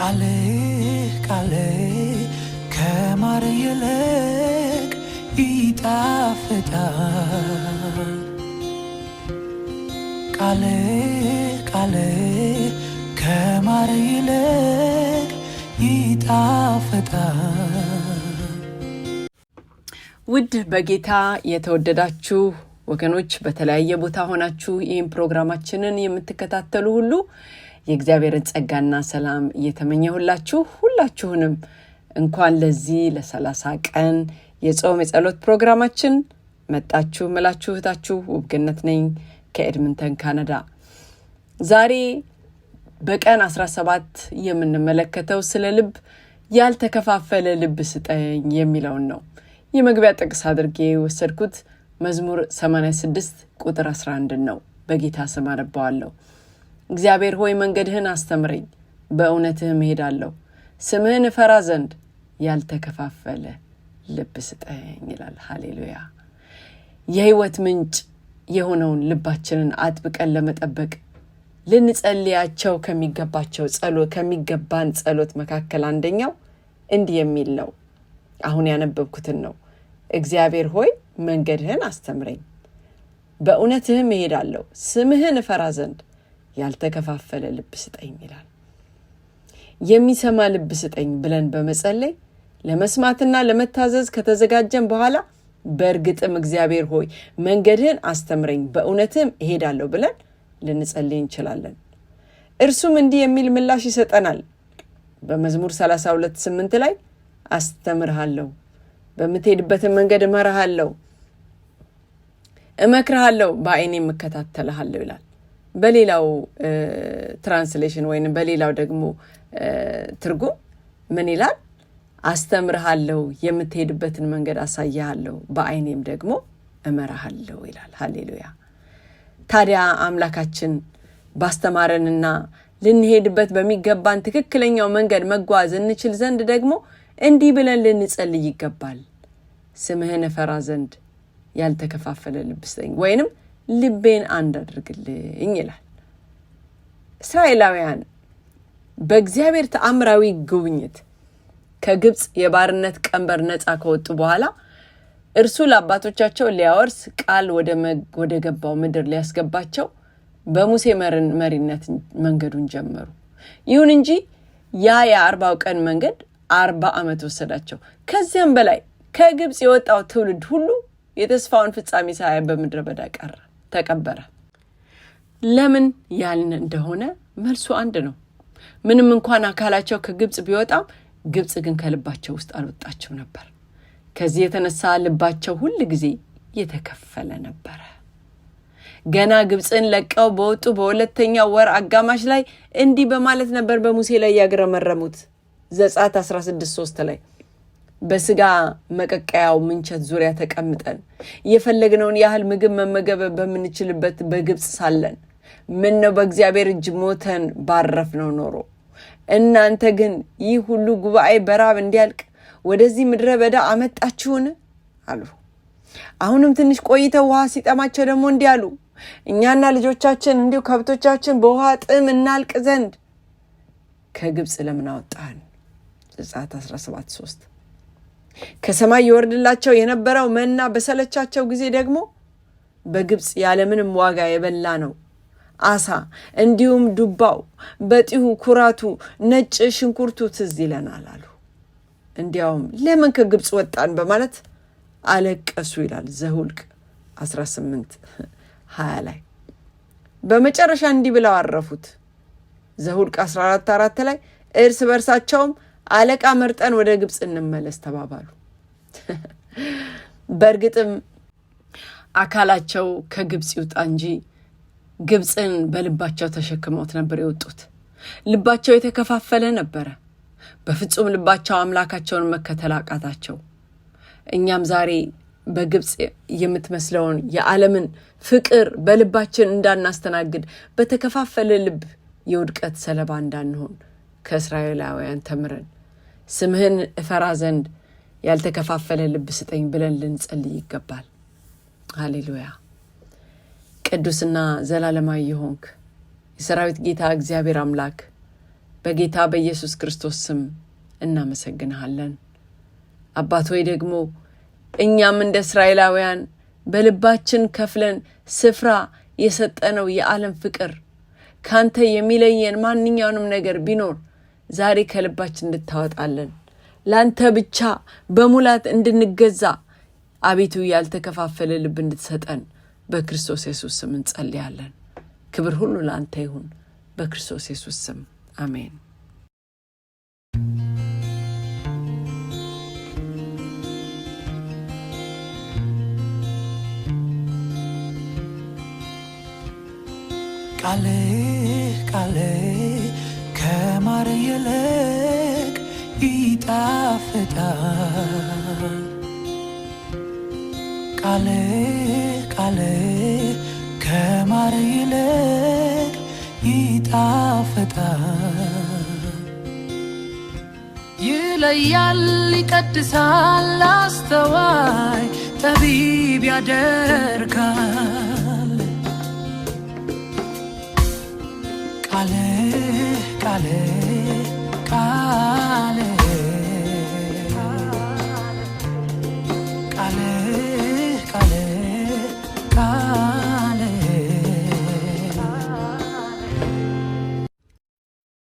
ቃሌ ቃሌ ከማር ይልቅ ይጣፍጣል። ቃሌ ቃሌ ከማር ይልቅ ይጣፍጣል። ውድ በጌታ የተወደዳችሁ ወገኖች በተለያየ ቦታ ሆናችሁ ይህን ፕሮግራማችንን የምትከታተሉ ሁሉ የእግዚአብሔርን ጸጋና ሰላም እየተመኘሁላችሁ ሁላችሁንም እንኳን ለዚህ ለሰላሳ ቀን የጾም የጸሎት ፕሮግራማችን መጣችሁ ምላችሁ እህታችሁ ውብገነት ነኝ ከኤድምንተን ካናዳ። ዛሬ በቀን 17 የምንመለከተው ስለ ልብ ያልተከፋፈለ ልብ ስጠኝ የሚለውን ነው። የመግቢያ ጥቅስ አድርጌ የወሰድኩት መዝሙር 86 ቁጥር 11 ነው። በጌታ ስም አነባዋለሁ። እግዚአብሔር ሆይ መንገድህን አስተምረኝ፣ በእውነትህም እሄዳለሁ። ስምህን እፈራ ዘንድ ያልተከፋፈለ ልብ ስጠኝ ይላል። ሀሌሉያ። የህይወት ምንጭ የሆነውን ልባችንን አጥብቀን ለመጠበቅ ልንጸልያቸው ከሚገባቸው ጸሎ ከሚገባን ጸሎት መካከል አንደኛው እንዲህ የሚል ነው። አሁን ያነበብኩትን ነው። እግዚአብሔር ሆይ መንገድህን አስተምረኝ፣ በእውነትህም እሄዳለሁ፣ ስምህን እፈራ ዘንድ ያልተከፋፈለ ልብ ስጠኝ ይላል። የሚሰማ ልብ ስጠኝ ብለን በመጸለይ ለመስማትና ለመታዘዝ ከተዘጋጀን በኋላ በእርግጥም እግዚአብሔር ሆይ መንገድህን አስተምረኝ፣ በእውነትም እሄዳለሁ ብለን ልንጸልይ እንችላለን። እርሱም እንዲህ የሚል ምላሽ ይሰጠናል። በመዝሙር 32 ስምንት ላይ አስተምርሃለሁ፣ በምትሄድበትን መንገድ እመርሃለሁ እመክርሃለሁ፣ በዓይኔ እከታተልሃለሁ ይላል። በሌላው ትራንስሌሽን ወይም በሌላው ደግሞ ትርጉም ምን ይላል? አስተምርሃለሁ፣ የምትሄድበትን መንገድ አሳይሃለሁ፣ በዓይኔም ደግሞ እመራሃለሁ ይላል። ሀሌሉያ። ታዲያ አምላካችን ባስተማረንና ልንሄድበት በሚገባን ትክክለኛው መንገድ መጓዝ እንችል ዘንድ ደግሞ እንዲህ ብለን ልንጸልይ ይገባል። ስምህን እፈራ ዘንድ ያልተከፋፈለ ልብ ስጠኝ ወይንም ልቤን አንድ አድርግልኝ ይላል። እስራኤላውያን በእግዚአብሔር ተአምራዊ ጉብኝት ከግብፅ የባርነት ቀንበር ነፃ ከወጡ በኋላ እርሱ ለአባቶቻቸው ሊያወርስ ቃል ወደ ገባው ምድር ሊያስገባቸው በሙሴ መሪነት መንገዱን ጀመሩ። ይሁን እንጂ ያ የአርባው ቀን መንገድ አርባ ዓመት ወሰዳቸው። ከዚያም በላይ ከግብፅ የወጣው ትውልድ ሁሉ የተስፋውን ፍጻሜ ሳያይ በምድረ በዳ ቀረ። ተቀበረ። ለምን ያልን እንደሆነ መልሱ አንድ ነው። ምንም እንኳን አካላቸው ከግብፅ ቢወጣም ግብፅ ግን ከልባቸው ውስጥ አልወጣቸው ነበር። ከዚህ የተነሳ ልባቸው ሁል ጊዜ የተከፈለ ነበረ። ገና ግብፅን ለቀው በወጡ በሁለተኛው ወር አጋማሽ ላይ እንዲህ በማለት ነበር በሙሴ ላይ ያግረመረሙት። ዘጸአት 16፥3 ላይ በስጋ መቀቀያው ምንቸት ዙሪያ ተቀምጠን የፈለግነውን ያህል ምግብ መመገብ በምንችልበት በግብፅ ሳለን ምን ነው በእግዚአብሔር እጅ ሞተን ባረፍ ነው ኖሮ። እናንተ ግን ይህ ሁሉ ጉባኤ በራብ እንዲያልቅ ወደዚህ ምድረ በዳ አመጣችሁን አሉ። አሁንም ትንሽ ቆይተው ውሃ ሲጠማቸው ደግሞ እንዲህ አሉ፣ እኛና ልጆቻችን እንዲሁ ከብቶቻችን በውሃ ጥም እናልቅ ዘንድ ከግብፅ ለምን አወጣህን? ዘጸአት 3 ከሰማይ ይወርድላቸው የነበረው መና በሰለቻቸው ጊዜ ደግሞ በግብፅ ያለምንም ዋጋ የበላ ነው አሳ እንዲሁም ዱባው፣ በጢሁ፣ ኩራቱ፣ ነጭ ሽንኩርቱ ትዝ ይለናል አሉ። እንዲያውም ለምን ከግብፅ ወጣን በማለት አለቀሱ ይላል ዘሁልቅ 18 20 ላይ። በመጨረሻ እንዲህ ብለው አረፉት ዘሁልቅ 14 4 ላይ እርስ በርሳቸውም አለቃ መርጠን ወደ ግብፅ እንመለስ ተባባሉ። በእርግጥም አካላቸው ከግብፅ ይውጣ እንጂ ግብፅን በልባቸው ተሸክመውት ነበር የወጡት። ልባቸው የተከፋፈለ ነበረ። በፍጹም ልባቸው አምላካቸውን መከተል አቃታቸው። እኛም ዛሬ በግብፅ የምትመስለውን የዓለምን ፍቅር በልባችን እንዳናስተናግድ በተከፋፈለ ልብ የውድቀት ሰለባ እንዳንሆን ከእስራኤላውያን ተምረን ስምህን እፈራ ዘንድ ያልተከፋፈለ ልብ ስጠኝ ብለን ልንጸልይ ይገባል። ሃሌሉያ! ቅዱስና ዘላለማዊ የሆንክ የሰራዊት ጌታ እግዚአብሔር አምላክ በጌታ በኢየሱስ ክርስቶስ ስም እናመሰግንሃለን። አባት ሆይ ደግሞ እኛም እንደ እስራኤላውያን በልባችን ከፍለን ስፍራ የሰጠነው የዓለም ፍቅር ካንተ የሚለየን ማንኛውንም ነገር ቢኖር ዛሬ ከልባችን እንድታወጣለን ለአንተ ብቻ በሙላት እንድንገዛ አቤቱ ያልተከፋፈለ ልብ እንድትሰጠን በክርስቶስ የሱስ ስም እንጸልያለን። ክብር ሁሉ ለአንተ ይሁን፣ በክርስቶስ የሱስ ስም አሜን። ቃሌ ቃሌ ከማር ይልቅ ይጣፍጣል ቃል ቃል ከማር ይልቅ ይጣፍጣል ይለያል ይቀድሳል አስተዋይ ጠቢብ ያደርጋል